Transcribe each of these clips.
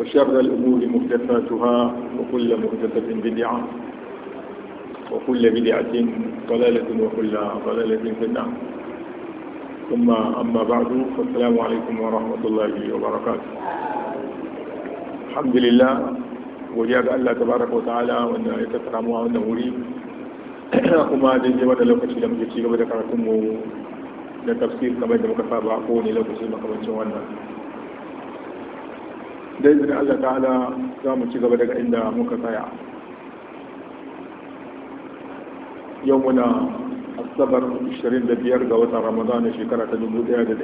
وشر الأمور محدثاتها وكل محدثة بدعة وكل بدعة ضلالة وكل ضلالة في النار ثم أما بعد فالسلام عليكم ورحمة الله وبركاته الحمد لله وجاب الله تبارك وتعالى وأن يتكرم وأن أريد kuma daidai wani لو كنت لم ci gaba da karatunmu da tafsir kamar da muka da izinin Allah ta'ala za mu ci gaba daga inda muka tsaya yau muna asabar 25 ga watan ramadana shekara ta 1446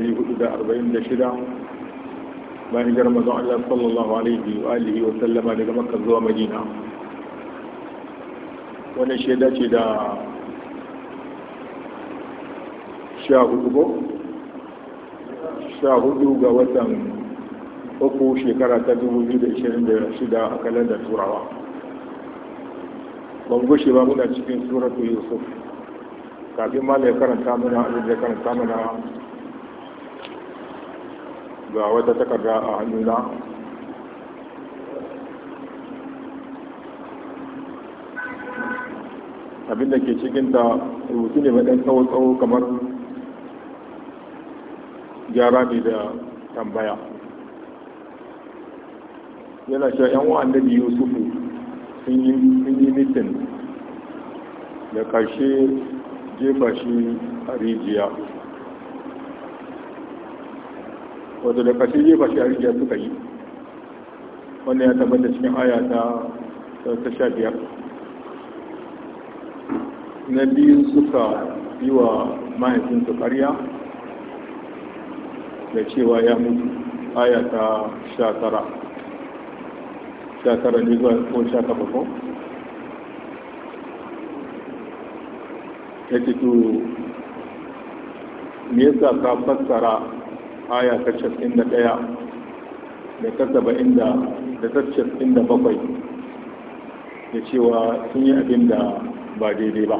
bayan hijar mazan Allah sallallahu alaihi wa alihi wa sallama daga maka zuwa madina Wani shaida ce da sha hudu ga watan uku shekara ta 2026 a kalandar turawa ban gushe ba muna cikin suratu yusuf kafin ma ya karanta mana abin da ya karanta mana ga wata takarda a hannuna abin da ke cikinta rubutu ne mai ɗan tsawo-tsawo kamar gyara ne da tambaya yana cewa yan wa annabi yusuf sun yi mitin da karshe jefa shi a rijiya wato da karshe jefa shi a rijiya suka yi wannan ya tabbata cikin aya ta sha biyar na biyu suka yi wa mahaifinsu karya da cewa ya mutu aya ta sha tara Shakara tara ne zuwa ko sha kafa ko ya ce to me yasa ka fassara aya ta casa'in da ɗaya da ta saba'in da da ta casa'in da bakwai da cewa sun yi abin da ba daidai ba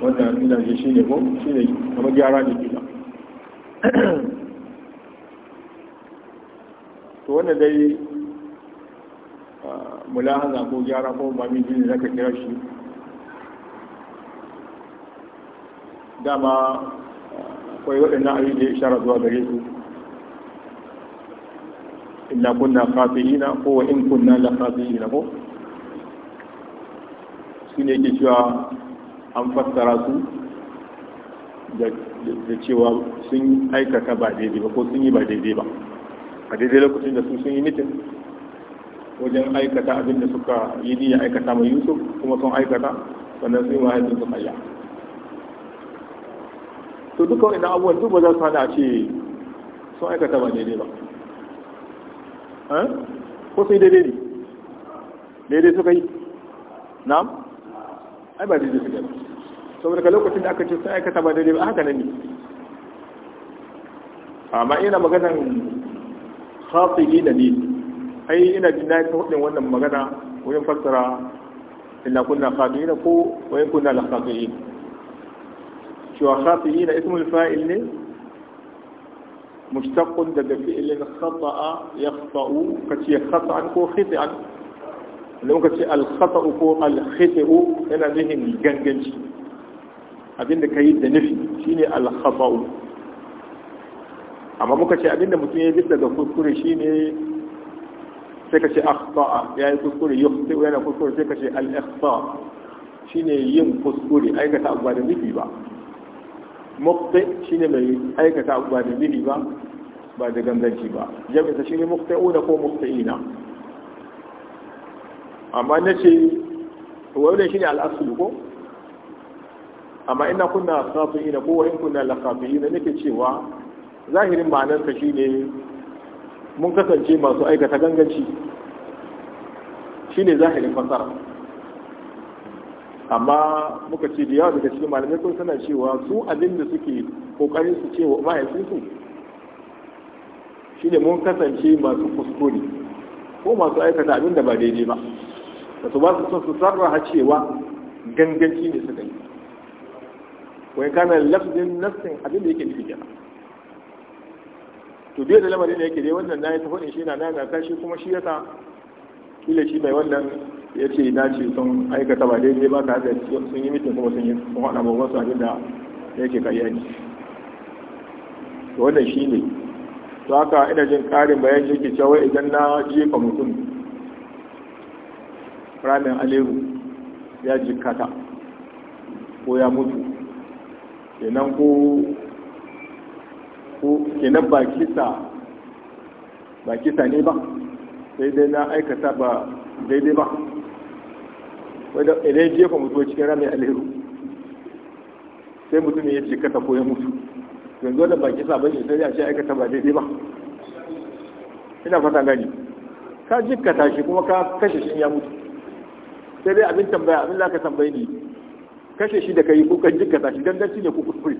wannan ina ji shi ne ko shi ne kamar gyara ne gida to wanda dai mulahaza ko gyara ko ba min jini zaka kira shi dama akwai waɗannan ayyuka da ya shara zuwa gare su illa kunna khati'ina ko wa in kunna yi na ko su ne ke cewa an fassara su da cewa sun aikata ba daidai ba ko sun yi ba daidai ba a daidai lokacin da su sun yi nitin wajen aikata abin da suka yi niyya aikata mai yusuf kuma sun aikata sannan sun yi mahaifin su kayya to duka wani abubuwan duk ba za su hana a ce sun aikata ba daidai ba eh? ko sun yi daidai ne daidai suka yi na'am ai ba daidai suka yi saboda lokacin da aka ce sun aikata ba daidai ba haka nan ne amma ina maganan khatibi da ni ai ina jin na ta hudin wannan magana wajen fassara illa kunna khatibi ko wajen kunna la khatibi cewa khatibi da ismul fa'il ne mushtaqun daga fi'ilin khata'a yakhta'u kace khata'an ko khita'an lokaci al-khata'u ko al-khita'u yana zihin ganganci abinda kai da nufi shine al-khata'u amma muka ce abinda mutum ya bisa ga kuskure shine sai ka ce akhta'a ya yi kuskure yukhti yana kuskure sai ka ce al ikhta shine yin kuskure aikata abuwa da nufi ba mukhti shine mai aikata abuwa da nufi ba ba da ganganci ba jami'a shine mukhti'una ko ina amma na ce wannan shine al'asulu ko amma ina kunna khati'ina ko wa in kunna la khati'ina nake cewa zahirin ma'anarsa shi ne mun kasance masu aikata ganganci shi ne zahirin fasara amma muka ce da yawa daga cikin malamai sun sana cewa su abin da suke kokarin su ce mahaifin su shi ne mun kasance masu kuskure ko masu aikata abin da ba daidai ba da su ba su son su sarraha cewa ganganci ne suka yi wai kana lafzin nassin abin da yake nufi kenan to bai da lamarin da yake dai wannan na yi ta faɗin shi na nana kashi kuma shi yasa kila shi mai wannan ya ce na ce sun aikata ba daidai ba ka da sun yi mitin kuma sun yi sun haɗa ba wasu abin da yake kariya ne wannan shi ne to haka ina jin ƙarin shi ke cewa idan na jefa mutum ramin alewu ya jikata ko ya mutu kenan ko ko kenan ba kisa ba kisa ne ba sai dai na aikata ba daidai ba wadda idan jefa mutu cikin ramin alheru sai mutum ya ce kata ko ya mutu yanzu wadda ba kisa ba ne sai ya ce aikata ba daidai ba ina fata gani ka jikata shi kuma ka kashe shi ya mutu sai dai abin tambaya abin laka tambayi tambaye ni kashe shi da ka ko kukan jikata shi danganci ne ko kuskure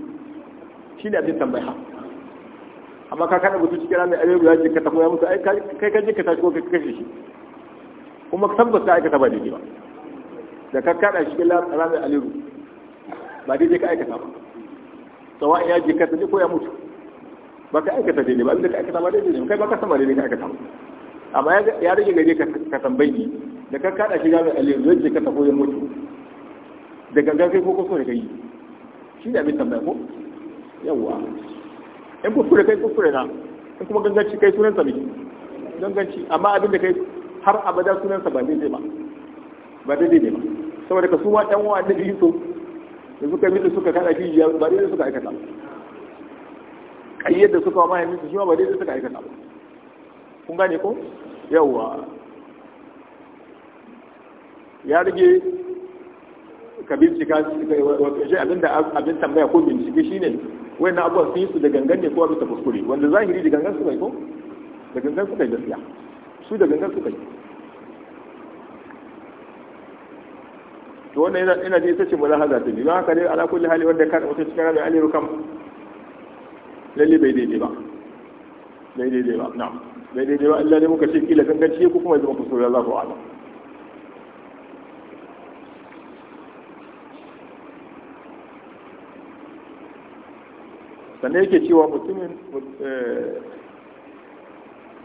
shi ne abin tambaya amma ka kada mutum cikin ramin arewa ya ka tafi ya mutu kai ka je ka tashi ko kashe shi kuma tabbas ka aikata ba daidai ba da ka kada shi cikin ramin aliru ba daidai ka aikata ba tsawon ya jika ta ko ya mutu ba ka aikata daidai ba abinda ka aikata ba daidai ba. kai ba ka sama daidai ka aikata ba amma ya rage gare ka tambayi da ka kada shi ramin aliru ya je ka tafi ya mutu da gangan kai ko kusa da kai shi ne abin tambaya ko yawwa in kuskure kai kuskure na in kuma ganganci kai sunansa ne ganganci amma abin da kai har abada sunansa ba daidai ba ba daidai ne ba saboda ka suma ɗan wa da biyu da suka yi da suka kada ya ba daidai suka aikata kayyar da suka wa mahaifinsu shi ma ba daidai suka aikata kun gane ko yawwa ya rage ka bincika abin tambaya ko bincike shine wayannan abuwa sun yi su da gangan ne kowa bisa kuskure wanda zahiri da gangan su yi ko da gangan suka yi gaskiya su da gangan su yi to wannan yana ina ji ita ce lahaza ta bi don haka dai ala kulli hali wanda ka da cikin rabin aliru kam lalle bai daidai ba bai daidai ba na bai daidai ba illa ne muka ce kila ganganci ko kuma zama kuskure Allahu a'lam sannan yake cewa mutumin eh,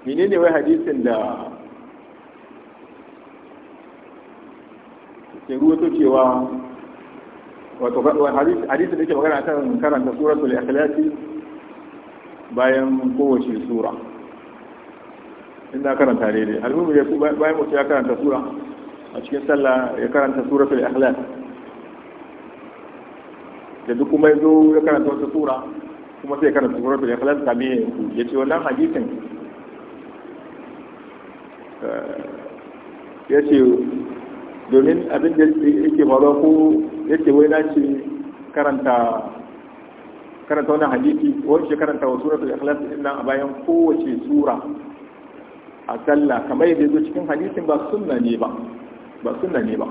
menene wai hadisin da ke ruwato cewa wato hadisin da ke magana kan karanta suratul ikhlasi bayan kowace sura inda karanta ne dai alhumu ya bayan mutu ya karanta sura a cikin sallah ya karanta suratul ikhlas da duk kuma ya zo ya karanta wata sura kuma sai karanta suratul ikhlas kamin ya ce yace wannan hadisin eh, yace domin abin da yake faruwa ko yace wai na ce karanta karanta wannan hadisi wacce karanta wa suratul ikhlas din nan a bayan kowace sura a sallah kamar yadda zo cikin hadisin ba sunna ne ba ba sunna ne ba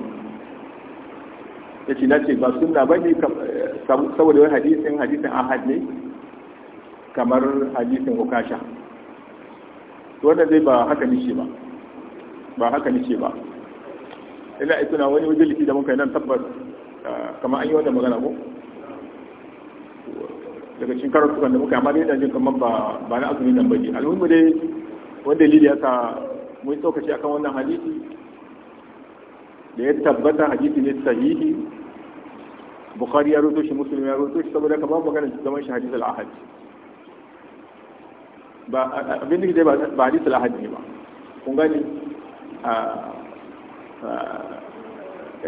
yace na ce ba sunna ba ne eh, saboda wani hadisin hadisin ahad ne kamar hadisin ukasha wanda zai ba haka nishi ba ba haka nishi ba ina ituna wani liki da muka yi nan tabbas ah, kamar an yi wanda magana ko daga cikin tukan da muka amma dai kamar ba ba na azumi nan bane alhummu dai wanda ya sa mun tsokaci akan wannan hadisi da ya tabbata hadisi ne sahihi bukhari ya rubuto shi musulmi ya rubuto shi saboda kamar magana zaman shi hadisi al-ahad ba abin da ke ba hadisi lahad ne ba kun gani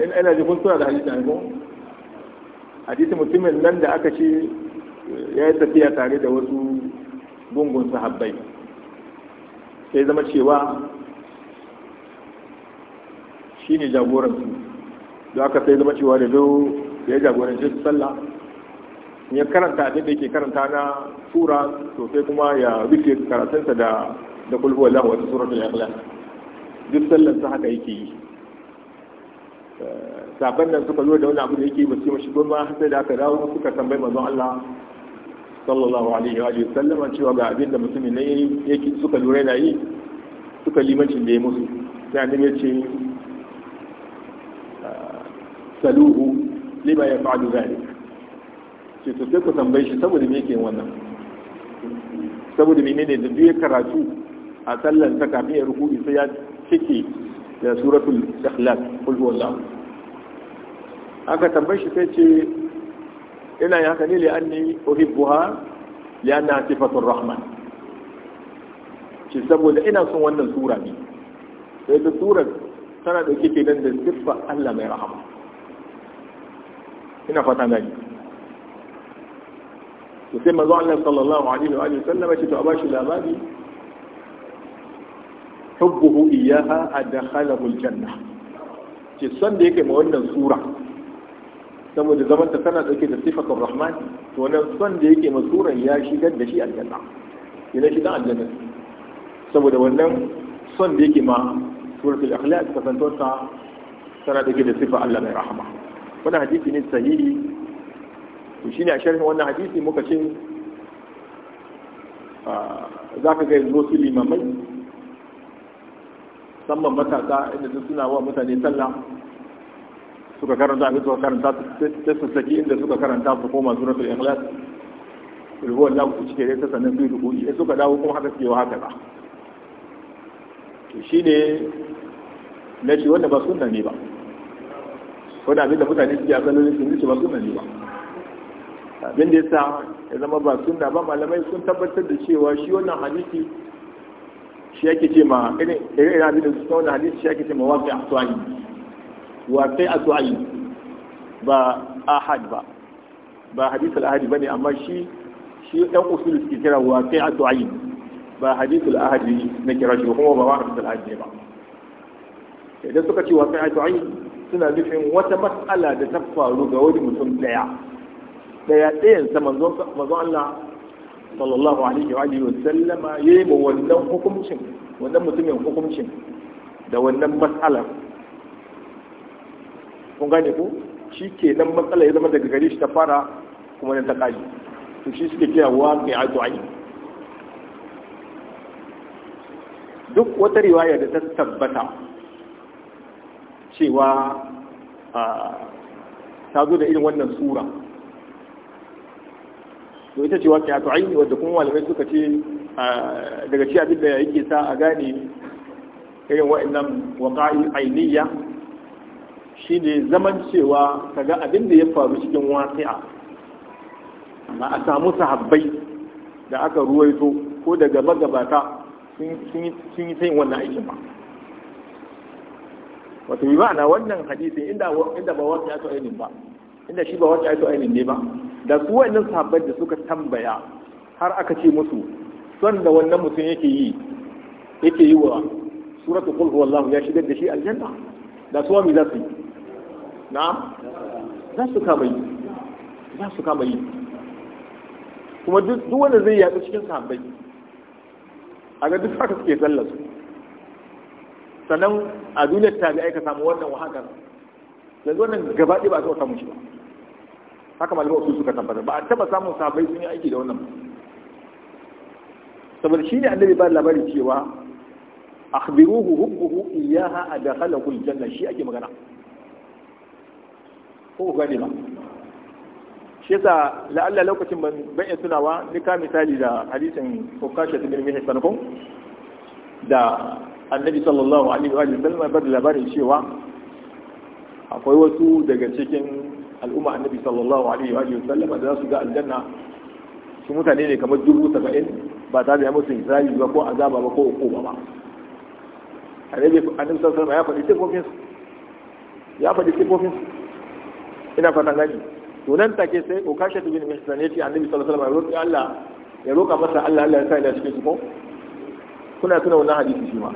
in ina ji kun tura da hadisi ne ko hadisi mutumin nan da aka ce ya yi tafiya tare da wasu gungun sahabbai sai zama cewa shi ne jagoransu da aka sai zama cewa da zo ya jagoranci sallah ya karanta a da ke karanta na sura sosai kuma ya rike karatunsa da da kulhu wallahu wata ya ikhlas duk sallar sa haka yake yi eh, sabon nan suka zo da wani abu da yake ba su mashi goma sai da aka dawo suka tambayi manzon Allah sallallahu alaihi wa sallama cewa ga abin da mutumin nan yake suka lura yana yi suka limancin da ya musu sai annabi ya ce ah, saluhu lima ya fa'alu zalik ce to sai ku tambaye shi saboda me yake wannan saboda ne da duk karatu a sallan ta kafin ya ruku sai ya cike da suratul ikhlas qul huwallahu aka tambaye shi sai ce ina yin haka ne li anni uhibbuha li anna sifatur rahman ce saboda ina son wannan sura ne sai ta sura tana da kike kenan da siffa Allah mai rahama ina fata gani to sai manzo Allah sallallahu alaihi wa alihi sallama ce to a bashi labari hubbuhu iyyaha adkhalahu aljanna ce san da yake ma wannan sura saboda zaman ta tana dauke da sifatul rahman to wannan san da yake ma suran ya shigar da shi aljanna yana shi dan aljanna saboda wannan son da yake ma suratul akhlaq kasantuwarsa tana dauke da sifa Allah mai rahama wannan hadisi ne sahihi to shine a sharhin wannan hadisi muka ce za ka ga yanzu su limamai samman matasa inda su suna wa mutane sallah suka karanta abin suka karanta ta su saki inda suka karanta su koma suratul ikhlas rubuwan za ku cike dai ta sannan su yi rubuci sai suka dawo kuma haka suke wa haka ba shi ne na ce wanda ba sunna ne ba wadda abin da mutane suke a sallolin sun ce ba sunna ne ba abin da sa ya zama ba sunna ba malamai sun tabbatar da cewa shi wannan hadisi shi yake ce ma irin irin abin da suka wannan hadisi shi yake ce ma waqi aswa'i a aswa'i ba ahad ba ba hadisul ahadi ba ne amma shi shi ɗan usul suke kira a aswa'i ba hadisul ahadi na kira shi kuma ba hadisul ahadi ne ba idan suka ce a aswa'i suna nufin wata mas'ala da ta faru ga wani mutum daya daya dayan sa manzo Allah sallallahu alaihi wa alihi sallama yayi mu wannan hukuncin wannan mutumin hukuncin da wannan matsalar kun gane ku shi ke nan matsala ya zama daga gare shi ta fara kuma nan ta kaji to shi suke kira wa mai addu'ai duk wata riwaya da ta tabbata cewa ah, ta zo da irin wannan sura to ita ce wata hatu aini wadda kuma malamai suka ce daga ci abin da yake sa a gane irin wa'annan waƙa'i ainiya shi ne zaman cewa ga abin da ya faru cikin wasi'a amma a samu sahabbai da aka ruwaito ko daga magabata sun yi sayin wannan aikin ba yi bi ma'ana wannan hadisi inda ba wata to ainin ba inda shi ba wata to ainin ne ba da su wayannan sahabbai da suka tambaya har aka ce musu son da wannan mutum yake yi yake yi wa suratul qul huwallahu ya shigar da shi aljanna da su mi za su yi na'am za su kama yi za su kama yi kuma duk wanda zai yaɗu cikin sahabbai a ga duk haka suke sallar su sannan a duniyar ta ga aika samu wannan wahakar yanzu wannan gaba ɗaya ba a taɓa shi ba haka malamai su suka tabbatar ba a taba samun sahabbai sun yi aiki da wannan saboda shi ne annabi ba labari cewa akhbiruhu hubbuhu iyyaha adkhalahu aljanna shi ake magana ko ku ne ba shi yasa la'alla lokacin ban ban iya tunawa ni ka misali da hadisin ukasha bin mihsan sanakon da annabi sallallahu alaihi wa sallam ba da labarin cewa akwai wasu daga cikin al'umma annabi sallallahu alaihi wa sallam da za su ga aljanna su mutane ne kamar dubu saba'in ba tare da musu hisabi ba ko azaba ba ko uku ba annabi annabi sallallahu alaihi wa ya faɗi sifofin ya faɗi sifofin ina fatan gani to nan take sai ko kashe tubin mihsan yace annabi sallallahu alaihi wa sallam ya roƙi Allah ya roƙa masa Allah Allah ya sa ya cikin su ko kuna tuna wannan hadisi shi ma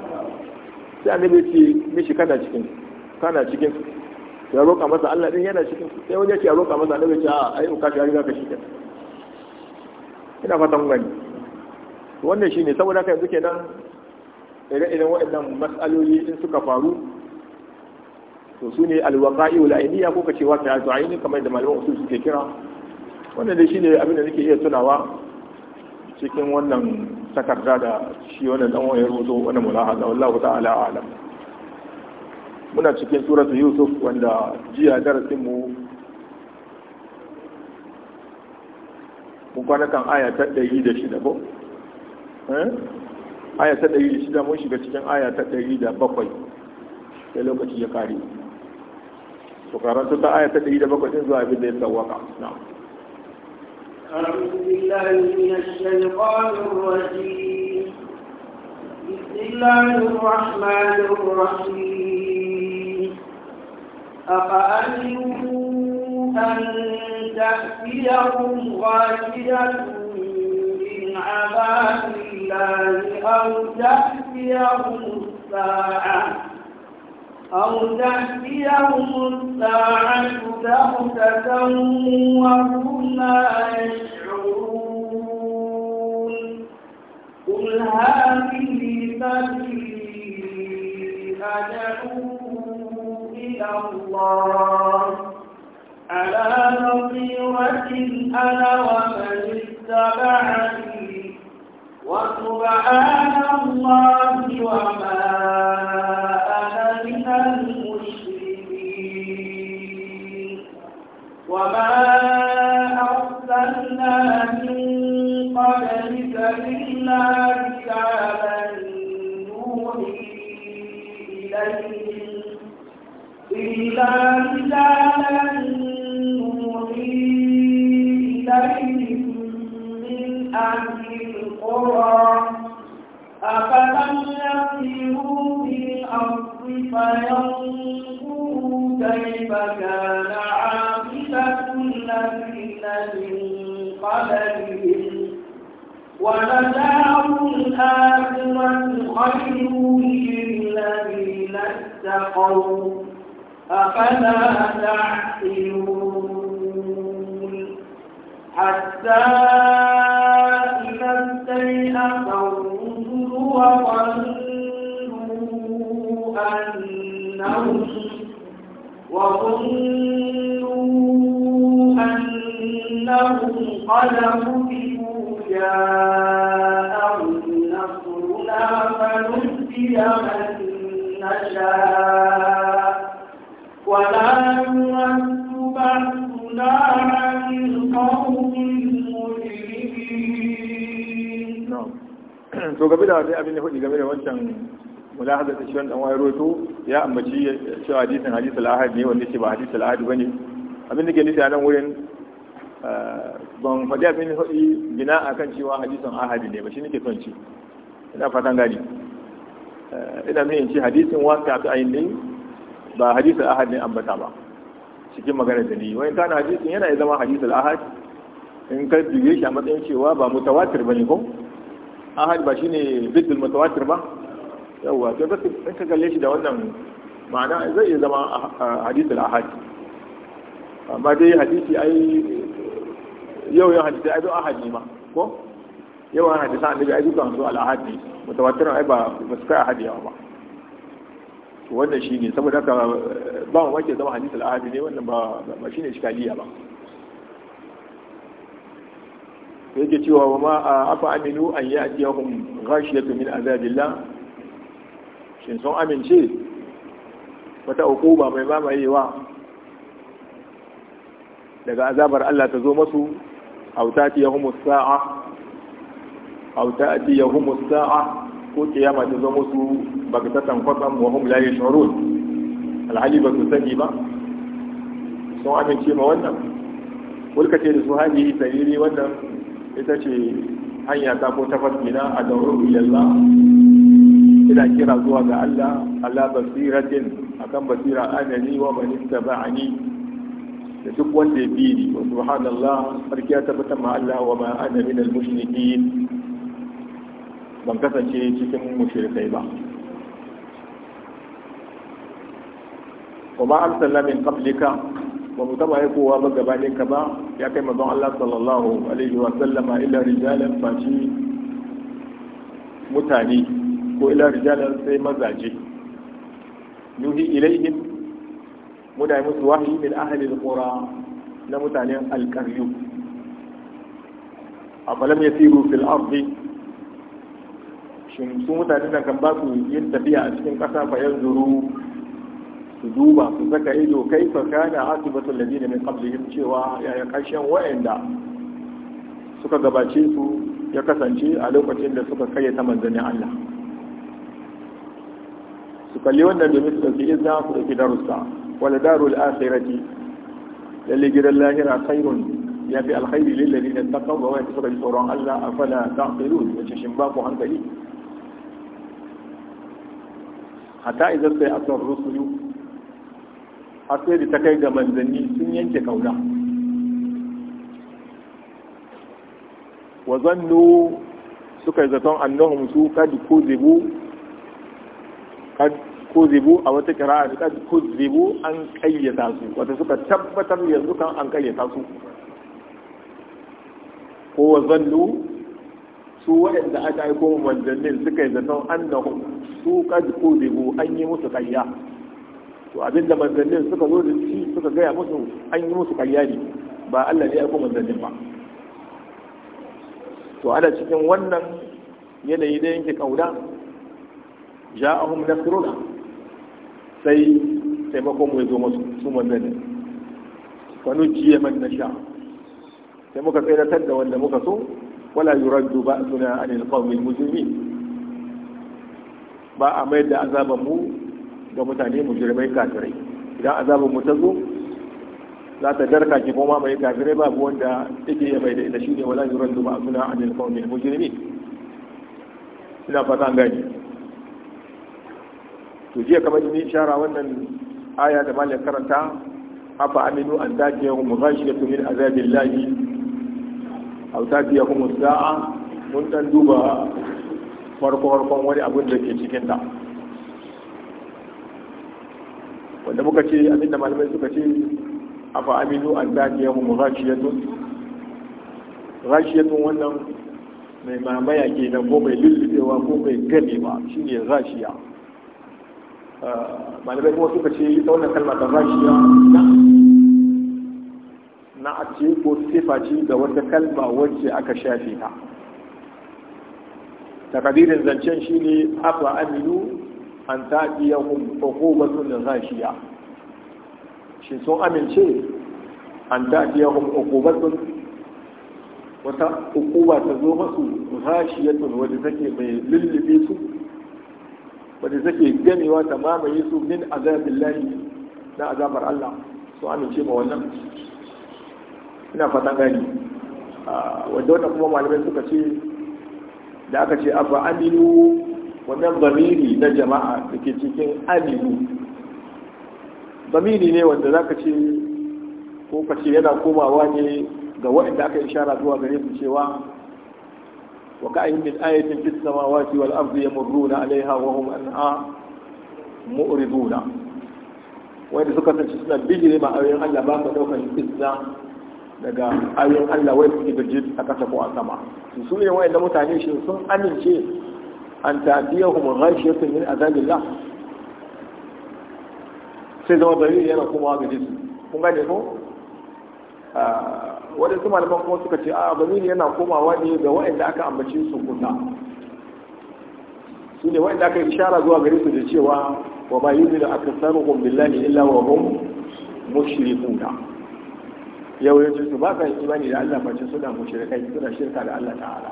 sai annabi ya ce mishi kana cikin kana cikin ya roƙa masa Allah din yana cikin sai wani ya ya roƙa masa Allah ya a ai ka shi ga ka shi ina fatan gani wannan shine saboda haka duke nan ire-iren waɗannan mas'aloli in suka faru to su ne alwaƙa'i wal ainiya ko kace wa ta'atu aini kamar da malaman usul suke kira wannan dai shine abin da nake iya tunawa cikin wannan takarda da shi wannan dan wayar rubutu wannan mulahaza wallahu ta'ala a'lam muna cikin suratu yusuf wanda jiya mu. mun kwana kan aya ta ɗari da shida ko? Eh? aya ta ɗari da shida mun shiga cikin aya ta ɗari da bakwai sai lokaci ya kare to karanta ta aya ta ɗari da bakwai ɗin zuwa abin da ya tsawaka na أعوذ بالله من الشيطان الرجيم بسم الله الرحمن الرحيم أفأمنوا أن تأتيهم غاشية من عذاب الله أو تأتيهم الساعة أو تأتيهم الساعة بغتة وهم لا يشعرون قل هذه سبيلي أدعو إلى الله على بصيرة أنا ومن اتبعني وسبحان الله وما لنا to gabi da dai abin da faɗi game da wancan mulahazar ta shi wanda wani roto ya ambaci cewa hadisin hadis al ne wanda ke ba hadis al-ahad bane abin da ke nufi a nan wurin eh, ban faɗi abin da faɗi bina akan cewa hadisin ahadi ne ba shi nake son ci ina fatan gani eh, ina mai ce hadisin waka ta ayin ne ba hadisin ahad ne ambata ba cikin maganar da ni wani kana hadisin yana ya zama hadisin ahad in ka dubiye shi a matsayin cewa ba mutawatir bane ko ahad ba shine biddul mutawatir ba yawa to zaka in ka kalle shi da wannan ma'ana zai iya zama ah, ah, hadithul ahad amma dai hadisi ai yau yau hadisi ai duk ahad ne ma ko yau an hadisa annabi ai dukkan su al-ahad ne mutawatir ai ba ba su kai ahad yawa ba to wannan shine saboda haka ba wa wake zama hadithul ahad ne wannan ba ba shine shikaliya ba yake cewa ba ma a afa aminu an yi gashi ghashiyatu min azabila shin sun amince wata ba mai mamayewa daga azabar Allah ta zo masu auta ta yahumu sa'a auta ta yahumu musa'a ko kiyama ta zo musu bagtatan kwatsam wa hum la yashurun alhali ba su sani ba sun amince ma wannan kulka ce da su yi sariri wannan ita ce hanya ta ko tafarki na a daurin ilallah ina kira zuwa ga Allah Allah basiratin akan basira anani wa man ittaba'ani da duk wanda ya bi ni wa subhanallah sarki ya tabbata ma Allah wa ma ana min al mushrikin ban kasance cikin mushrikai ba wa ma arsalna min qablika ba mu taba aikowa ba gaba ɗin ka ba ya kai mazan Allah sallallahu alaihi wa sallama illa rijalan fashi mutane ko illa rijalan sai mazaje yuhi ilaihim muna yi musu wahayi min ahli alqura na mutanen alqaryu afalam yasiru fil ardi shin su mutanen kan ba su yin tafiya a cikin ƙasa fa yanzuru su duba su saka ido kai fa kana asibatul ladina min qablihim cewa yaya kashin wa'anda suka gabace su ya kasance a lokacin da suka kai ta manzanin Allah su kalli wannan domin su dauki izna su dauki darussa wala darul akhirati lalle gidan lahira khairun ya fi alkhairi lil ladina taqaw wa wa'anda suka ji tsoron Allah afala taqilun wace shin ba ku hankali hatta idan sai asar rusulu har sai da ta kai ga manzanni sun yanke kauna wa zannu suka yi zaton annahum su kad kuzibu kad kuzibu a wata kira'a kad kuzibu an kayyata su wata suka tabbatar yanzu kan an kayyata su ko wa zannu su waɗanda aka aiko manzannin suka yi zaton annahum su kad kuzibu an yi musu kayya to abin da manzannin suka zo da shi suka gaya musu an yi musu karya ne ba Allah ne ya ku manzannin ba to ana cikin wannan yanayi da yanke kauda ja'ahum nasruna sai taimakon mu zo musu su manzannin fa nujiya man nasha sai muka tsayar da wanda muka so wala yuraddu ba'suna anil qawmil mujrimin ba a mai da azaban mu ga mutane mujrimai kafirai idan azabin mu ta zo za ta darka ki kuma mai kafirai babu wanda yake ya bai da ita shine wala yuraddu ma suna anil qawmi mujrimin ina fata an gani to jiya kamar ni shara wannan aya da malam karanta afa aminu an tatiyahum ghashiyatu min azabillahi aw tatiyahum as-sa'a mun dan duba farko farkon wani abin da ke cikin ta wanda muka ce abinda malamai suka ce a aminu an dajiya mu rashiyatun rashiyatun wannan mai mamaya ke nan ko mai lullubewa ko mai shi ne rashiya ah, malamai kuma suka ce ita wannan kalma ta rashiya na a ce ko sifa da wata kalma wacce aka shafe ta takadirin zancen shi ne a aminu an ta'iyahum da ghashiya shi sun amince an ta'iyahum uqubatun wata hukuma ta zo masu ghashiyatun wadda take mai lullube su wadda take ganewa ta mamaye su min layi na azabar Allah sun amince ma wannan ina fatan gani ah, wadda wata kuma malamai suka ce da aka ce afa aminu wannan bamiri na jama'a da ke cikin aminu bamiri ne wanda za ka ce ko ka ce yana komawa ne ga waɗanda aka shara zuwa gare su cewa wa ka'ayin min ayatin fis samawati wal ardi yamurruna alaiha wa hum anha mu'riduna wanda suka tantance suna bijire ma ayoyin Allah ba ka daukan izza daga ayoyin Allah wai suke da a kasa ko a sama su ne da mutane shi sun amince an ta'tiyahum a zagin la sai zama bari yana komawa ga su kun gane ko su malaman kuma suka ce a bari yana komawa ne ga waɗanda aka ambaci su kusa su ne waɗanda aka ishara zuwa gari su da cewa wa ba yi da aka samu billahi illa wa hum mushrikuna yawancin su ba ka yi imani da Allah face suna mushrikai suna shirka da Allah ta'ala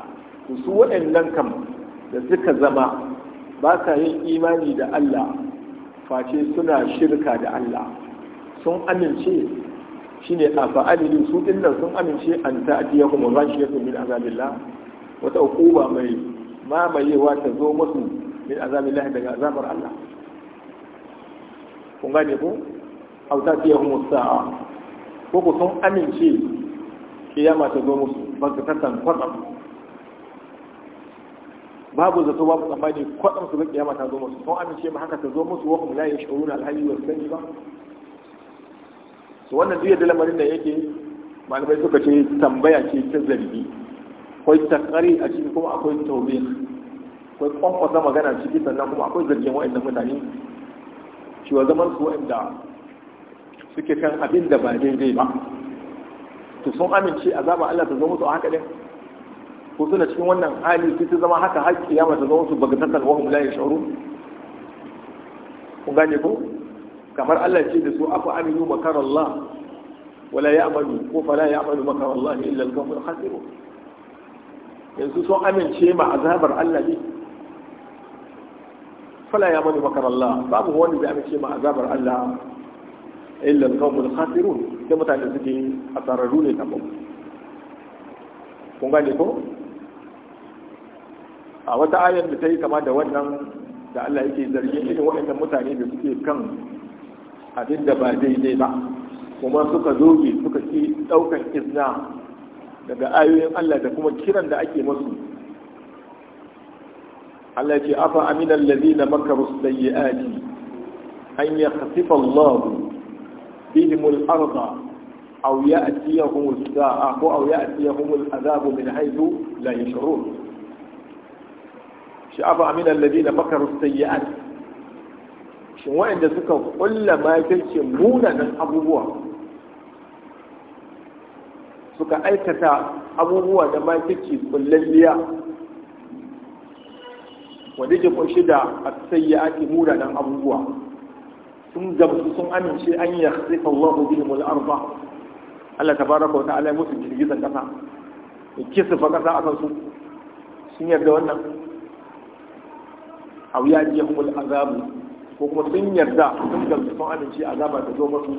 su waɗannan kan da suka zama ba sa yin imani da Allah face suna shirka da Allah sun amince shi ne a fa'alili su inda sun amince an ya ghashiyatun min azabillah wata ba mai mamayewa ta zo musu min azabillah daga azabar Allah kun gane ku? ko fiye kuma sa'a ko ku sun amince kiyama ta zo musu ba su kasan kwatsam babu zato babu tsammani kwaɗin su zai kiyama ta zo musu sun amince ma haka ta zo musu wa kuma la yashuruna alhayy wa sani ba to wannan duk da lamarin da yake malamai suka ce tambaya ce ta zargi akwai takari a ciki kuma akwai taube akwai kwankwasa magana ciki sannan kuma akwai zargin wa'annan mutane cewa zaman su wa'anda suke kan abin da ba daidai ba to sun amince azaba Allah ta zo musu a haka din ko suna cikin wannan hali su ta zama haka har kiyama ta zama su bagatatan wa hum la shauru? kun gane ko kamar Allah ce da su afa aminu makar Allah wala ya'malu ko fala ya'malu makar Allah illa al-qawmul yanzu sun amince ma azabar Allah ne fala ya'malu makar Allah babu wanda bai amince ma azabar Allah illa al-qawmul khasirun sai mutane suke asararru ne kamar kun gane ko a wata ayar da ta yi kama da wannan da Allah yake zargin irin waɗannan mutane da suke kan abin da ba daidai ba kuma suka zoge suka ci ɗaukar izna daga ayoyin Allah da kuma kiran da ake masu Allah ce afa aminan lazina makaru sayyi'ati an yakhsifa Allah bihim al-ardha aw ya'tiyahum as-sa'a aw ya'tiyahum al-'adhabu min haythu la yash'urun shi abu aminan ladina makaru sayyi'at shin wa'anda suka kulla makirce munanan abubuwa suka aikata abubuwa da makirci kullalliya wanda ke kunshi da sayyi'ati munanan abubuwa sun gamsu sun amince an yi yasifa Allah bihim al-arba Allah baraka wa ta'ala musu girgizan kasa ya kisa fa kasa akan su sun yarda wannan aw ya ji humul azabu ko kuma sun yarda sun ga sun amince azaba ta zo musu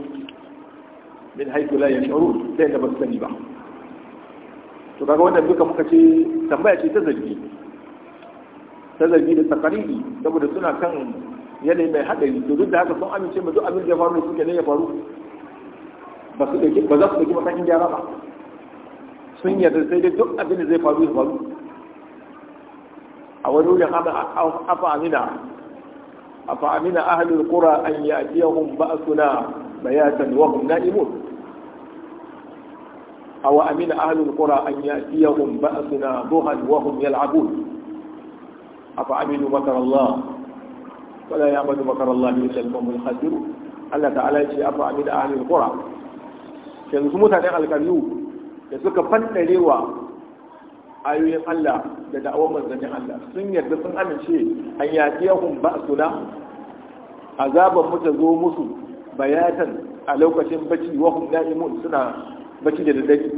min haitu la yashuru sai da basu sani ba to kaga wannan duka muka ce tambaya ce ta zargi ta zargi da takariri saboda suna kan yanayi mai haɗari to duk da haka sun amince mu duk abin da ya faru suke ne ya faru ba su ke ba za su ke matakin gyara ba sun yarda sai dai duk abin da zai faru ya faru a wani wurin afa amina afa amina ahlul qura an ya'tiyahum ba'suna bayatan wa hum na'imun aw amina ahalin kura an yi ya'tiyahum ba'suna duhan wa hum yal'abun afa aminu makar Allah wala ya'manu makar Allah illa al-qawmul khasirun Allah ta'ala ya ce afa amina ahlul qura yanzu mutanen alkaryu da suka fannare wa ayoyin Allah da da'awar manzannin Allah sun yarda sun amince an yaqiyahum ba'suna azaban mu ta zo musu bayatan a lokacin bacci wa hun na'imun suna bacci da daddare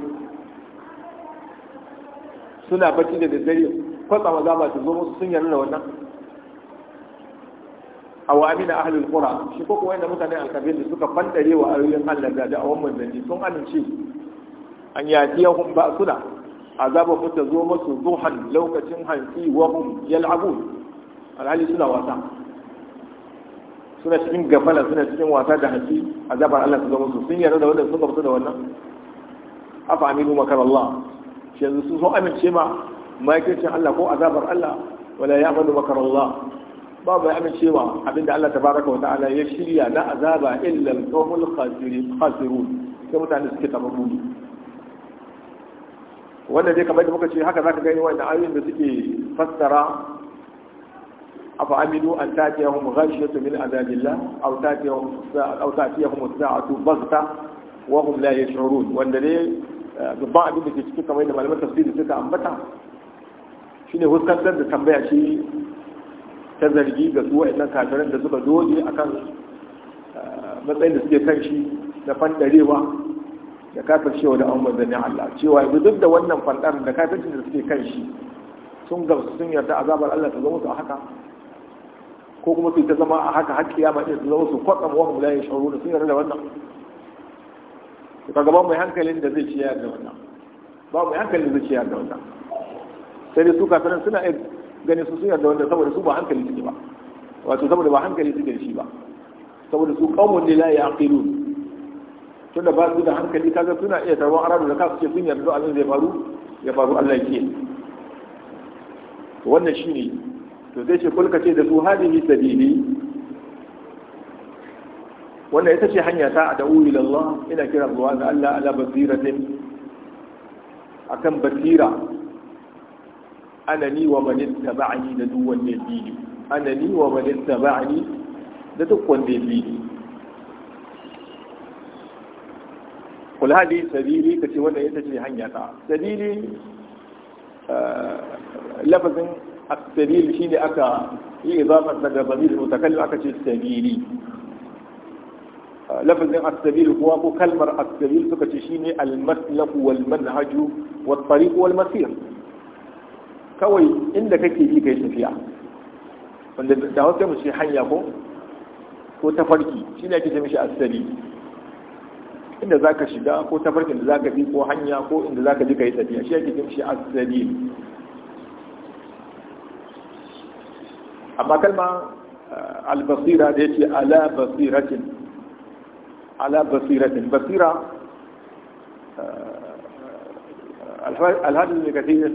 suna bacci da daddare kwatsa azaba ta zo musu sun yarda da wannan a wa amina ahlul qura shi ko kuma inda mutanen alkabir da suka fandare wa ayoyin Allah da da'awar manzannin sun amince an su na Azabar ku ta zo masu duhan lokacin hanfi wa hum yal'abun alhali suna wasa suna cikin gafala suna cikin wasa da hanfi azabar Allah ta zo musu sun yarda da wannan sun gamsu da wannan afa aminu makar Allah shi yanzu sun so amince ma maaikacin Allah ko azabar Allah wala ya amanu makar Allah babu ya amince ma abinda Allah ta baraka wa ta'ala ya shirya na azaba illa al-qawmul khasirun sai mutane suke tabbu wanda dai kamar da muka ce haka zaka gani wanda ayoyin da suke fassara afa aminu an tatiyahum ghashiyatu min azabillah aw tatiyahum aw tatiyahum sa'atu baghta wa hum la yash'urun wanda dai eh, babban abin da ke cikin kamar da malaman tafsiri suka ambata shine huskantar da tambaya shi ta zargi ga su wa'annan kafiran da suka doje akan eh, matsayin da suke kan shi da fandarewa da kafir cewa da an manzannin Allah cewa yanzu duk da wannan fandar da kafircin da suke kan shi sun gamsu sun yarda azabar Allah ta zama su a haka ko kuma su ta zama a haka har ya ɗin su zama su kwatsam wa la yashuruna sun yarda da wannan kaga ba mai hankalin da zai ci ciyar da wannan ba mai hankalin da zai ci ciyar da wannan sai dai su kafiran suna iya ganin su sun yarda wannan saboda su ba hankali suke ba wato saboda ba hankali suke da shi ba saboda su qaumun la yaqilun tunda ba su da hankali kaga suna iya tarwon arabu da kasu ce sun yarda abin zai faru ya faru Allah ke wannan shi ne to zai ce kulka ce da su Hali hadihi sabili wannan ita ce hanya ta a da'u ila Allah ina kira zuwa ga Allah ala basiratin akan basira anani wa man ittaba'ani da duk wanda anani wa man ittaba'ani da duk wanda ya bi kul hadi sabili kace wanda yake ce hanya ta sabili eh, lafazin sabili shine aka yi izafar daga zamir mutakallim aka ce sabili eh, lafazin as-sabil kuwa ko kalmar as-sabil suka ce shine al-maslaku wal manhaju at tariq wal masir kawai inda kake bi kai tafiya wanda da wasu mu shi hanya ko ko tafarki shine ake ce mishi as-sabil inda za ka shiga ko tafarkin da za ka bi ko hanya ko inda za ka ji ka yi tafiya shi yake jin shi a asali amma kalma eh, albasira da yake ala basiratin ala basiratin basira eh, alhadin ne kathir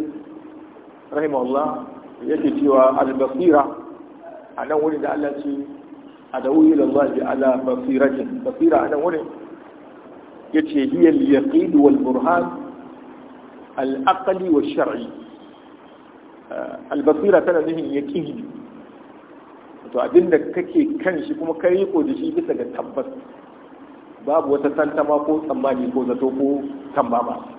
rahimahullah yake cewa albasira a nan wuri da Allah ce a da wuyi da Allah ala basiratin basira a nan wuri yace hiya al-yaqin wal burhan al-aqli wa shar'i uh, al-basira tana nihin yaqini to abinda kake kan shi kuma kai ko da shi bisa ga tabbas babu wata tantama ko tsammani ko zato ko tambama ba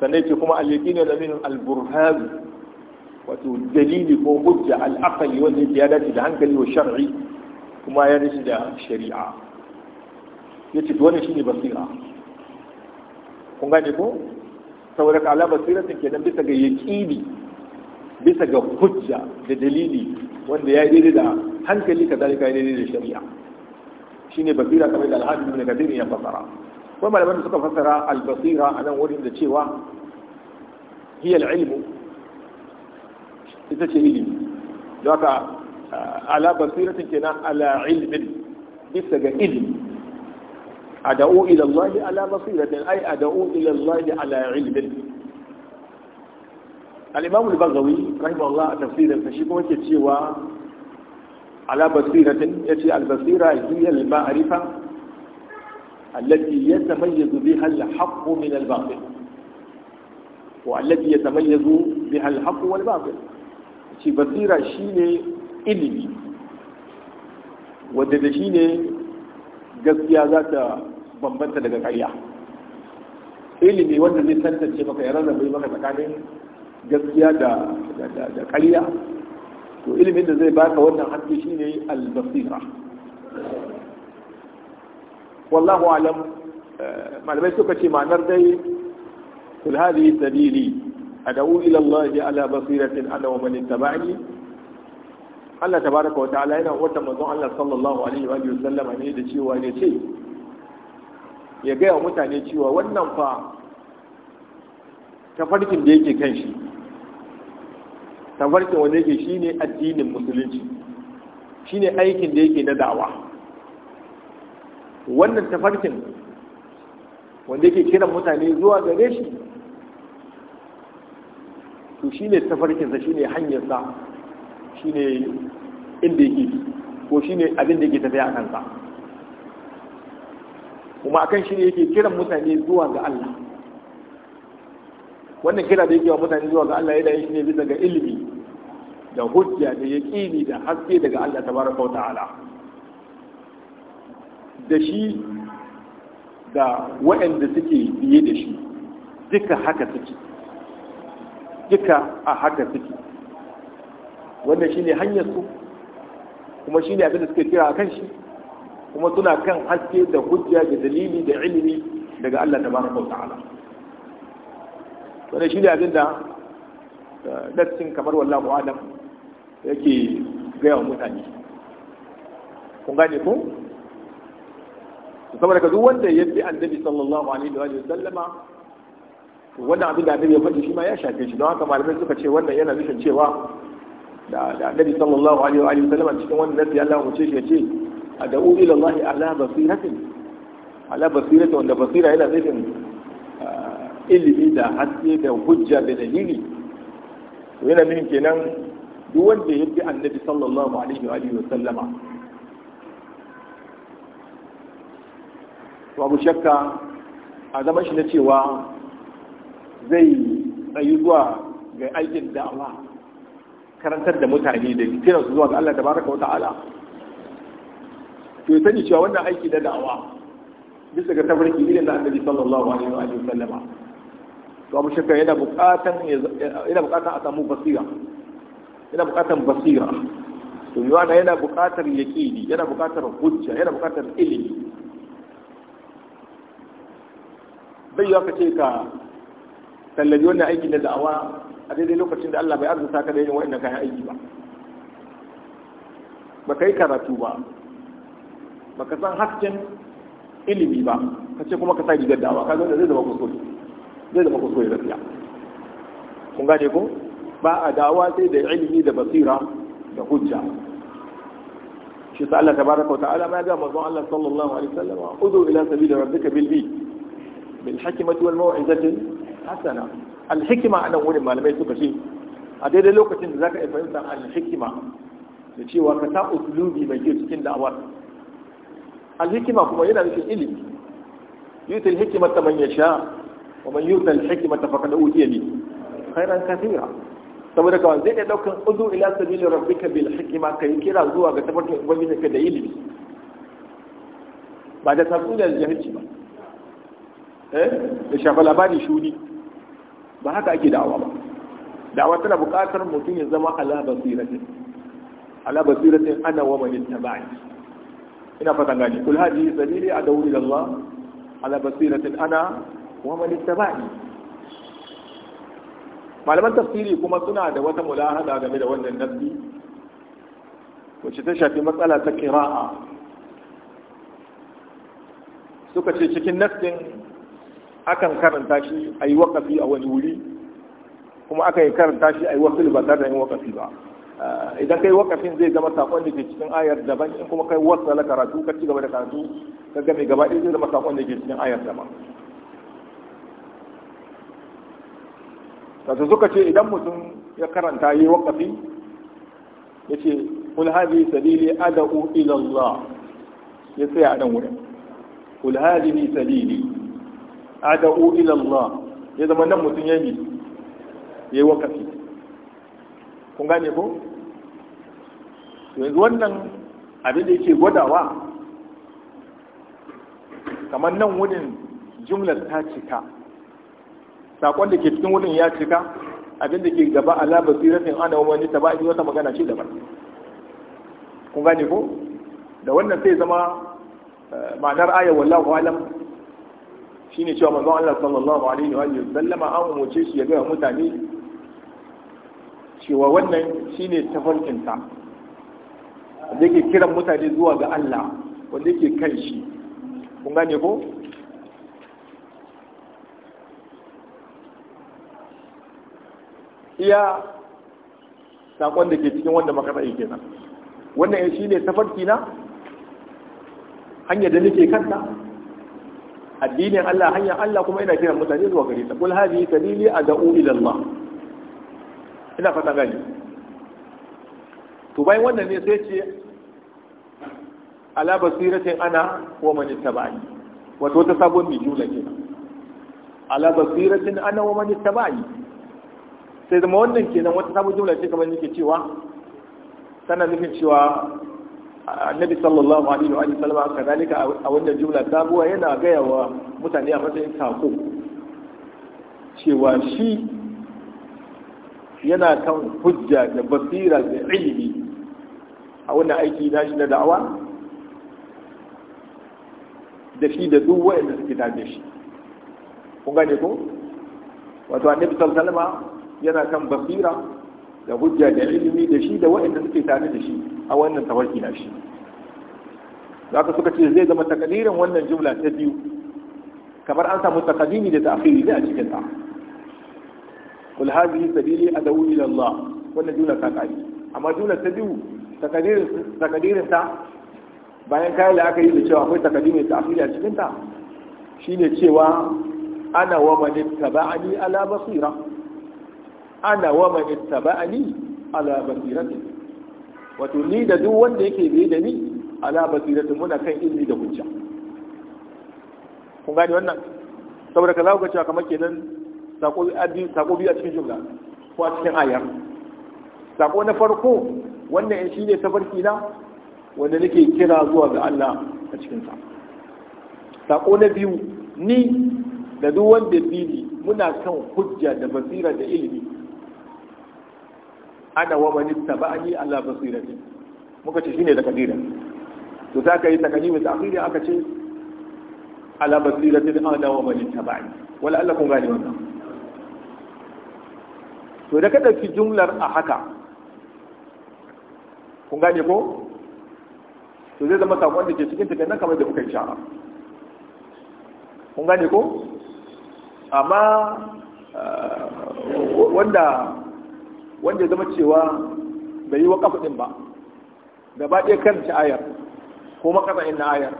sannan ce kuma al-yaqin da nihin al-burhan wato dalili ko hujja al-aqli wanda ya dace da hankali wa shar'i kuma ya dace da shari'a ya ce shi ne basira kun gane ko saboda ka ala basiratin kenan bisa ga yaqini bisa ga hujja da dalili wanda ya yi da hankali ka zai ya daidai da shari'a Shi ne basira kamar da alhaji ibn kadir ya fasara ko malaman suka fasara albasira a nan wurin da cewa hiyar ilmu ita ce ilimi don haka ala basiratin kenan ala ilmin bisa ga ilimi أدعو إلى الله على بصيرة أي أدعو إلى الله على علم الإمام البغوي رحمه الله تفسيرا فشيكم تتشيوا على بصيرة يتي البصيرة هي المعرفة التي يتميز بها الحق من الباطل والتي يتميز بها الحق والباطل شي بصيرة شيني إلي ودد شيني gaskiya za ta bambanta daga karya ilimi wanda zai tantance maka ya rarrabe maka tsakanin gaskiya da da to ilimin da zai baka wannan haske shine al-basira wallahu alam eh, malamai suka ce ma'anar dai kul hadhihi sabili adawu ila Allah ala basiratin ana wa man ittaba'ani Allah tabaraka wa ta'ala yana wata manzon Allah sallallahu alaihi wa sallama ne da cewa ne ce ya gaya wa mutane cewa wannan fa tafarkin da yake kan shi tafarkin wanda yake shine addinin musulunci shine aikin da yake na da'awa wannan tafarkin wanda yake kiran mutane zuwa gare shi to shine tafarkinsa shine sa. shine inda yake ko shine abin da yake tafiya a kansa kuma akan shi ne yake kiran mutane zuwa ga Allah wannan kira da yake wa mutane zuwa ga Allah yana yin shi ne bisa ga ilimi da hujja da yaqini da haske daga Allah tabaraka wa ta'ala da shi da waɗanda suke biye da shi duka haka suke duka a haka suke wannan shine hanyar su kuma shine abin da suke kira a kan shi kuma suna kan haske da hujja da dalili da ilimi daga Allah baraka wa ta'ala wannan shine abin da dattin eh, kamar wallahu alam yake gaya wa mutane kun gane ko saboda ka duk wanda ya bi annabi sallallahu alaihi wa sallama wannan abin da annabi ya faɗi shi ma ya shafe shi don haka malamai suka ce wannan yana nufin cewa da annabi sallallahu alaihi wa alihi cikin wannan nasi Allah mu ce shi ce ad'u ila Allah ala basiratin ala basiratin wanda basira yana nufin ah, ilimi da haske da hujja da dalili to yana nufin kenan duk wanda ya bi annabi sallallahu alaihi wa sallama. wasallama babu shakka a zaman shi na cewa zai tsayi zuwa ga aikin da'awa karantar da mutane da kira su zuwa ga Allah tabaraka wa ta'ala to ya sani cewa wannan aiki da da'awa bisa ga tafarki irin da annabi sallallahu alaihi wa alihi sallama to amma shakka yana bukatan yana bukatan a samu basira yana bukatan basira to yana yana buƙatar yaqini yana buƙatar hujja yana buƙatar ilimi bai ya kace ka tallabi wannan aikin da da'awa a daidai lokacin da Allah bai arzuta ka da yin wa'annan kayan aiki ba ba ka yi karatu ba ba ka san hasken ilimi ba ka ce kuma ka sa gidan dawa ka zai zama kuskure zai zama kuskure gaskiya kun gane ku ba a dawa sai da ilimi da basira da hujja shi sa Allah tabaraka wa ta'ala ma ga manzon Allah sallallahu alaihi wasallam udu ila sabili rabbika bil bi bil hikmati wal mau'izati hasana alhikima a nan wurin malamai suka ce a daidai lokacin da za ka iya fahimtar alhikima da cewa ka ta usulubi mai ke cikin da'awar alhikima kuma yana nufin ilimi yuta alhikima ta man sha wa man yuta alhikima ta da utiya ne khairan kafira saboda kawai zai iya ɗaukan uzu ila sabilin rabbika bil hikima yi kira zuwa ga tabbatar ubangijinka da ilimi ba da tafsirin jahilci ba eh da shafa labari shuni ba haka ake da'awa ba da'awa tana buƙatar mutum ya zama ala basiratin ala basiratin ana wa man ittaba'ani ina fatan gani kul hadi sabili adawu ila Allah ala basiratin ana wa man ittaba'ani malaman tafsiri kuma suna da wata mulahada game da wannan nabi wacce ta shafi matsala ta kira'a suka ce cikin nassin akan karanta shi a yi wakafi a wani wuri kuma aka yi karanta shi a yi wakil ba tare da yin wakafi ba ah, idan kai wakafin zai zama sakon da ke cikin ayar daban in kuma kai wasu na karatu ka ci gaba da karatu ka gami gaba ɗaya zai zama sakon da ke cikin ayar daban kasu suka ce idan mutum ya karanta yi wakafi ya ce kul hadi sabili ad'u ila Allah ya tsaya a nan wurin kul hadi sabili ad'u ila Allah ya zama nan mutum ya yi ya yi wakafi kun gane ko yanzu wannan abin da yake gwadawa kamar nan wurin jumlar ta cika sakon da ke cikin wurin ya cika abin da ke gaba ala basiratin ana wani ta ba'i wata magana ce daban kun gane ko da wannan sai zama eh, ma'anar aya wallahu alam shine cewa manzon Allah sallallahu alaihi wa sallama an umarce shi ya ga mutane cewa wannan shine tafarkin sa da yake kiran mutane zuwa ga Allah wanda yake kan shi kun gane ko iya sakon da ke cikin wanda yake nan. wannan shi ne tafarki na hanyar da nake kanta addinin Allah hanyar Allah kuma ina kiran mutane zuwa gare ta kul hadhihi sabili ad'u ila Allah ina fata gani to bayan wannan ne sai ce ala basiratin ana wa man ittaba'ani wato ta sabon mi jula kenan ala basiratin ana wa man ittaba'ani sai da wannan kenan wata sabon jula ce kamar nake cewa tana nufin cewa annabi sallallahu alaihi wa sallam kadalika a wannan jumla ta sabuwa yana gaya wa mutane a matsayin sako cewa shi yana kan hujja da basira da ilimi a wannan aiki na shi na da'awa da shi da duk wa'anda suke tafe shi kun gane ko wato annabi sallallahu alaihi yana kan basira da hujja da ilimi da shi da wa'anda suke tare da shi a wannan tawarki na shi Za zaka suka ce zai zama takadirin wannan jumla ta biyu kamar an samu takadimi da ta'khiri ne a cikin ta kul hadhihi sabili adawu ila Allah wannan jumla ta kai amma jumla ta biyu takadirin takadirin ta bayan kai la aka yi da cewa akwai takadimi da ta'khiri a cikin ta shine cewa ana wa man ittaba'ani ala basira ana wa man ittaba'ani ala basiratin wato ni da duk wanda yake biye da ni ala basiratu muna kan ilmi da hujja kun gani wannan saboda ka za ku cewa kamar kenan sako biyu a cikin jumla ko a cikin ayar sako na farko wannan shi ne tafarki na wanda nake kira zuwa ga Allah a cikinsa sako na biyu ni da duk wanda bi muna kan hujja da basira da ilimi ana wa mani taba'ani Allah basira ne muka ce shine takdira to za ka yi takdimi mai akhiri aka ce ala ne ana wa mani taba'ani wala Allah kun gane wannan to da ka dauki jumlar a haka kun gane ko to zai zama sakon da ke cikin take nan kamar da kuka yi kun gane ko amma eh, wanda wanda ya zama cewa bai yi kafa ɗin ba gaba ɗaya ci ayar ko makasa na ayar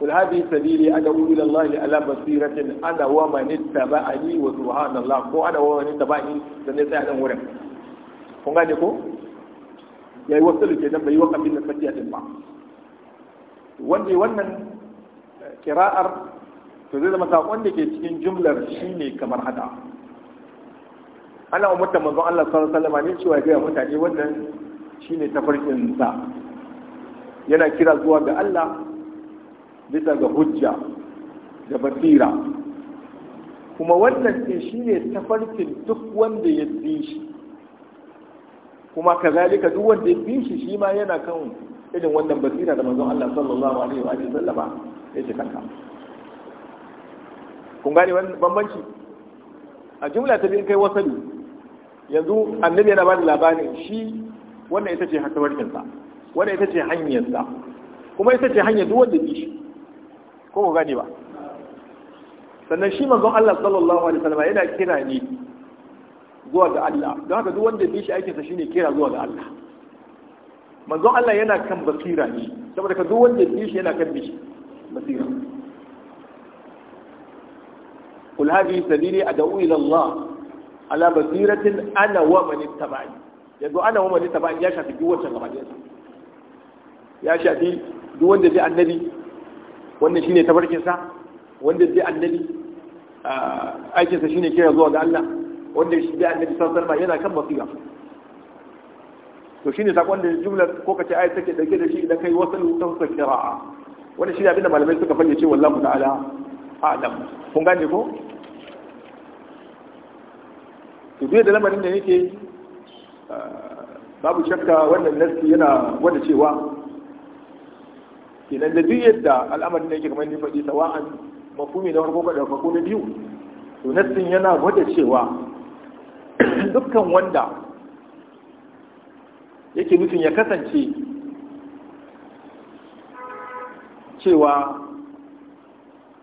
قل هذه سبيلي أدعو إلى الله على بصيرة أنا wa اتبعني وسبحان الله ko ana wa wani da dan sai a dan wurin kun gane ko yayi wasu ke nan bai waka bin fatiha din ba wanda wannan kira'ar to zai zama sakon da ke cikin jumlar shine kamar hada ana umarta manzon Allah sallallahu alaihi wasallam ne cewa ga mutane wannan shine tafarkin sa yana kira zuwa ga Allah bisa ga hujja da basira kuma wannan din shine tafarkin duk wanda ya bi shi kuma kazalika duk wanda ya bi shi shi ma yana kan irin wannan basira da manzon Allah sallallahu alaihi wa sallama yake kanka kun gane wannan bambanci a jumla ta bin kai wasali yanzu annabi yana bada labarin shi wanda ita ce tawarkinsa wanda ita ce hanyarsa kuma ita ce hanyar duk wanda bi ko ku gane ba sannan shi manzon Allah sallallahu alaihi wasallam yana kira ne zuwa ga Allah don haka duk wanda bi aikinsa shine kira zuwa ga Allah manzon Allah yana kan basira ne saboda duk wanda bi shi yana kan bishi? basira قل هذه سبيلي أدعو إلى الله ala basiratin ana wa mani tabai yanzu ana wa mani tabai ya shafi duk wancan gaba ya shafi duk wanda bi annabi wannan shine tabarkin sa wanda bi annabi aikin sa shine kira zuwa ga Allah wanda shi da annabi sallallahu alaihi yana kan basira to shine sakon kwanda jumlar ko kace ayat take dauke da shi idan kai wasalu ta hukumar Wannan wanda shi abinda malamai suka ce wallahu ta'ala a'lam kun gane ko to duk da lamarin da yake ah, babu shakka wannan nasi yana wanda cewa kenan da duk yadda al'amarin da yake kamar ni faɗi sawa'an mafumi na farko da farko na biyu to nassin yana gwada cewa dukkan wanda yake nufin ya kasance cewa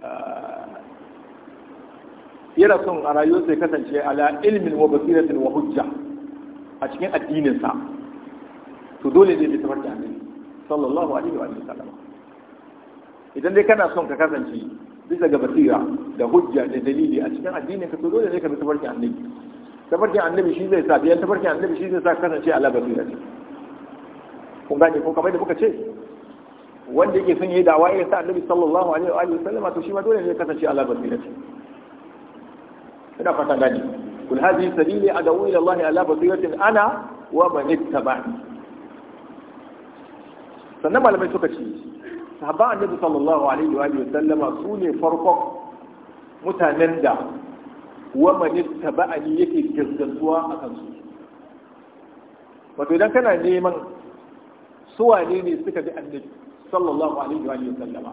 ah, yana son a rayuwarsa ya kasance ala ilmin wa basiratin wa hujja a cikin addininsa to dole ne bai tafarki annabi sallallahu alaihi wa sallam idan dai kana son ka kasance bisa ga basira da hujja da dalili a cikin addinin ka to dole ne ka bi tafarki annabi tafarki annabi shi zai sa biyan tafarki annabi shi zai sa kasance ala basira ce kun gane ko kamar da muka ce wanda yake son yayi dawa ya sa annabi sallallahu alaihi wa sallama to shi ma dole ne ya kasance ala basira ce ina fata gani kul hadhihi sabili ad'u ila Allah ala basiratin ana wa man ittaba'ani sannan malamai suka ce sahaba annabi sallallahu alaihi wa sallama su ne farkon mutanen da wa man ittaba'ani yake gaskatuwa a kansu wato idan kana neman su wane ne suka bi annabi sallallahu alaihi wa sallama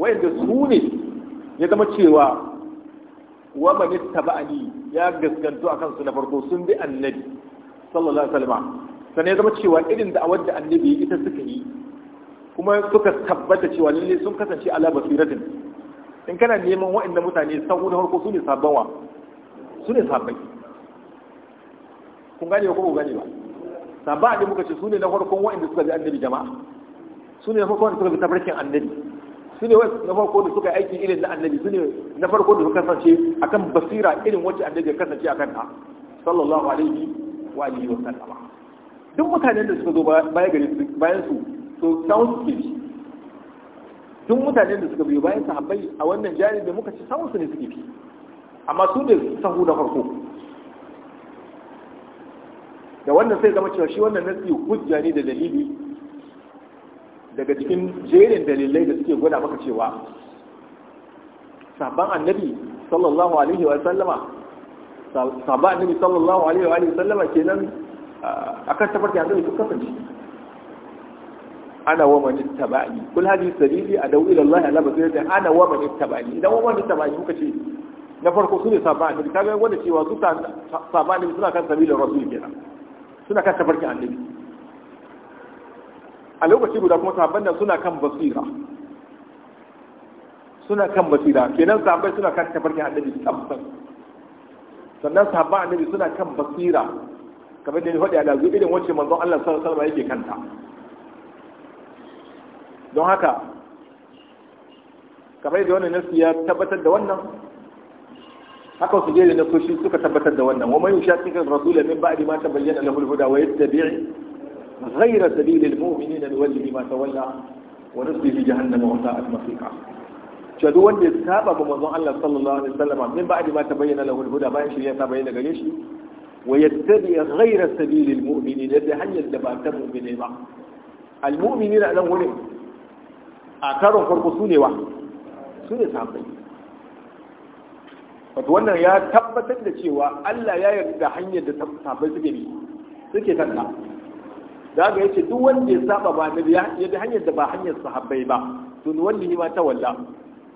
wayanda su ne ya zama cewa wa man ittaba'ani ya gaskanto akan su na farko sun bi annabi sallallahu alaihi wasallam sannan ya zama cewa irin da awadda da annabi ita suka yi kuma suka tabbata cewa lalle sun kasance ala basiratin in kana neman waɗanda mutane sahu na farko su ne sabawa sune sabai kun gane ko ku gane ba sabai da muka ce su ne na farkon wa'anda suka bi annabi jama'a su ne na farkon wa'anda suka bi tabarkin annabi su ne na farko da suka aiki irin na annabi su ne na farko da suka kasance akan basira irin wacce annabi ya kasance akan kanta sallallahu alaihi wa alihi wa sallama duk mutanen da suka zo baya gari bayan su so sound speech duk mutanen da suka biyo bayan su a wannan jari da muka ci sound su ne suke fi amma su ne sahu na farko da wannan sai zama cewa shi wannan nasi hujja ne da dalili daga cikin jerin dalilai da suke gwada maka cewa sabban annabi sallallahu alaihi wa sallama sabban annabi sallallahu alaihi wa sallama kenan akan tafarki annabi su kasance ana wa man ittaba'ani kul hadhihi sabili adaw ila Allah ala basirati ana wa man ittaba'ani idan wa man ittaba'ani kuka ce na farko sune sabban annabi kaga wanda cewa su sabban annabi suna kan sabilin rasul kenan suna kan tafarki annabi a lokaci guda kuma sahabban nan suna kan basira suna kan basira kenan sahabbai suna kan tafarkin annabi tabbas sannan sahabban annabi suna kan basira kamar da ya faɗi a dazu irin wacce manzon Allah sallallahu alaihi wasallam yake kanta don haka kamar da wannan nasu ya tabbatar da wannan haka su jeri na soshi suka tabbatar da wannan wa man yushaqiqa rasula min ba'di ma tabayyana lahu al-huda wa yattabi' غير سبيل المؤمنين نوله ما تولى ونصله جهنم وساءت مصيرا shadu wanda ya saba ba Allah sallallahu alaihi wasallam min ba'di ma tabayyana lahu al-huda bayan shi ya tabayyana gare shi wa yattabi ghayra sabilil mu'minin da hanyar da ba ta mu'mine ba al-mu'minin a nan wurin a karon farko su ne wa su ne wannan ya tabbatar da cewa Allah ya yarda hanyar da sahabbai suke bi suke kanka da ga yace duk wanda ya saba ba na biya ya bi hanyar da ba hanyar sahabbai ba to ni wanda ni ma ta walla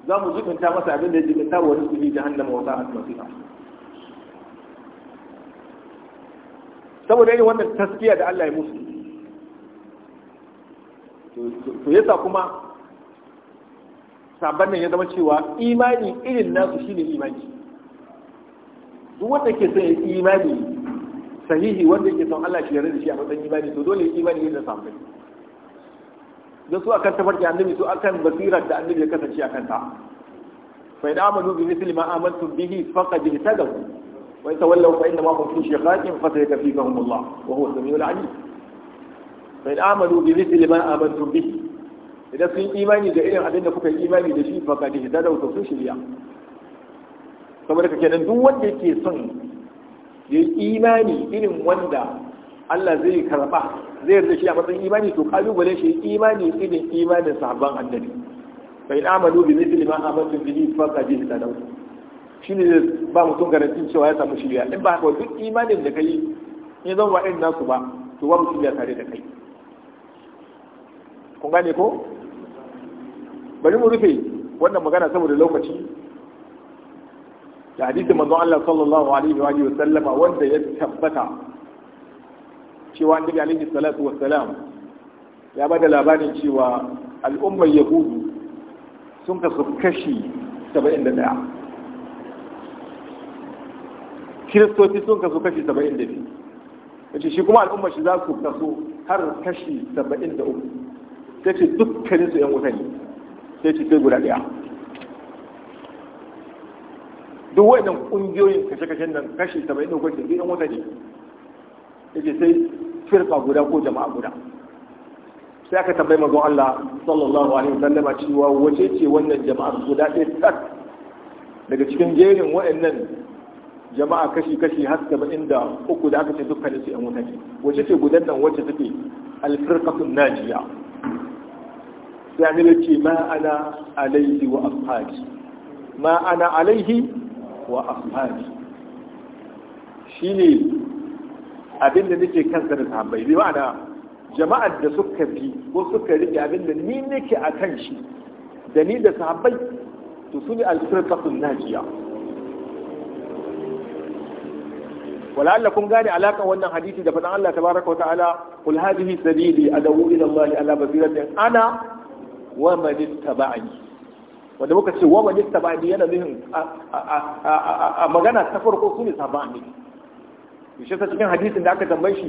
za mu ta masa abin da ya jikinta wa rizqi jahannama wa sa'at masira saboda irin wannan taskiya da Allah ya musu to yasa kuma sabon nan ya zama cewa imani irin nasu shine imani duk wanda ke son imani sahihi wanda yake son Allah shi yarda da shi a matsayin imani to dole imani ne da samu da su akan tafarki annabi su akan basirar da annabi ya kasance akan ta fa idan amanu bi misli ma amantum bihi faqad ihtadaw wa in tawallaw fa inna ma hum fi shiqaqin fa sayakfikuhum Allah wa huwa samiul alim fa idan amanu bi misli ma amantum bihi idan sun imani da irin abin da kuka yi imani da shi faqad ihtadaw to sun shirya saboda kake nan duk wanda yake son ya yi imani irin wanda Allah zai karba zai yarda shi a matsayin imani to kalubale shi imani irin imanin sahabban annabi fa in amalu bi mithli ma amantu bihi faqad ne shine ba mutum garantin cewa ya samu shiriya in ba haka duk imanin da kai in zama ba irin nasu ba to ba mutum ya tare da kai kun gane ko bari mu rufe wannan magana saboda lokaci da hadisi manzon Allah sallallahu alaihi wa sallama wanda ya tabbata cewa annabi alaihi salatu wa salam ya bada labarin cewa al'ummar yahudu sun kasu kashi 71 kiristoci sun kasu kashi 72 yace shi kuma al'ummar shi za su kasu har kashi 73 sai ce dukkanin su yan wuta ne sai ce sai guda daya duk wayannan kungiyoyin kashe kashe nan kashi 70 ko 90 ɗan wata ne ke sai firka guda ko jama'a guda sai aka tambayi mazan Allah sallallahu alaihi a cewa wace ce wannan jama'ar guda ɗaya tsak daga cikin jerin waɗannan jama'a kashi-kashi har saba'in da uku da aka ce dukkan su ‘yan wata ne wace ce gudan nan wace take alfirka najiya sai amina ce ma ana alaihi wa ashabi ma ana alaihi wa ashabi shine abin da nake kansa da sahabbai bi ma'ana jama'ar da suka bi ko suka rike abin da ni nake a kan shi da ni da sahabbai to su ne alfirqatul najiya ولعل kun gane alaƙa wannan hadisi da faɗan Allah tabaaraka wa ta'ala qul hadhihi sabili adawu ila Allah ala basiratin ana wa man ittaba'ani wanda muka ce wa wani tabani yana nufin a magana ta farko su ne sabon annabi shi ta cikin hadisin da aka tambaye shi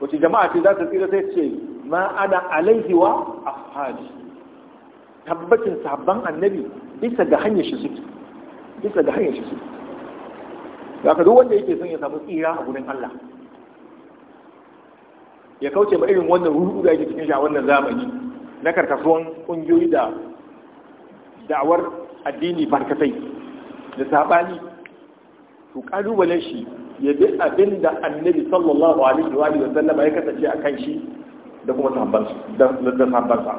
wace jama'a ce za ta tsira sai ce ma ana alaihi wa ashabi tabbacin sabon annabi bisa ga hanyar shi suke bisa ga hanyar shi suke ka duk wanda yake son ya samu tsira a gurin Allah ya kauce ma irin wannan ruɗu da yake cikin shi a wannan zamani na karkasuwan ƙungiyoyi da da'awar addini barkatai da sabani to kalubalen shi ya bi abin da annabi sallallahu alaihi wa sallam ya kasance a kan shi da kuma sahabbansa da sahabbansa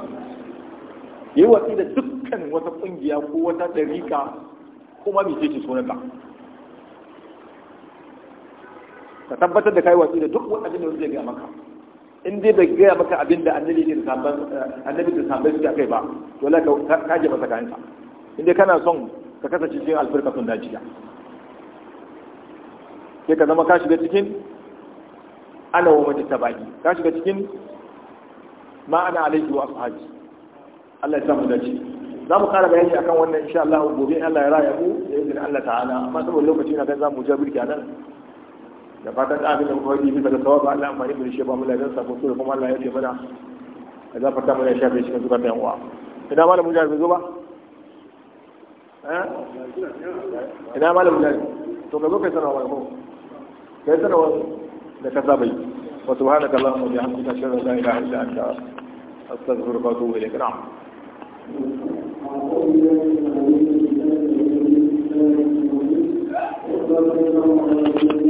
yi watsi da dukkan wata kungiya ko wata ɗarika kuma mai ce sunanka ka tabbatar da kai watsi da duk wani abin da zai gaya maka in dai bai gaya maka abin da annabi da sabon eh, annabi suke kai ba to la ka jefa masa kanta in dai kana son ka kasance cikin alfirka sun dajiya sai ka zama ka shiga cikin ana wa mace tabaki ka shiga cikin ma ana alaihi wa ashabi Allah ya samu dace za mu kara bayani akan wannan insha Allah gobe Allah ya raya mu da izinin Allah ta'ala amma saboda lokaci na kan za mu jabirki a nan da fatan abin da kuma yi bisa ga sawaba Allah amfani da shi ba mu lafiya sabon su da kuma Allah ya ce mana a zafarta mana ya shafe cikin zuwa ta yawa ina malam mujahid bai zo ba ina malam mujahid to ka zo kai sanarwa ko kai sanarwa da ka saba yi wa subhanaka allahumma wa bihamdika ashhadu an la ilaha illa anta astaghfiruka wa atubu ilayk na'am Thank you.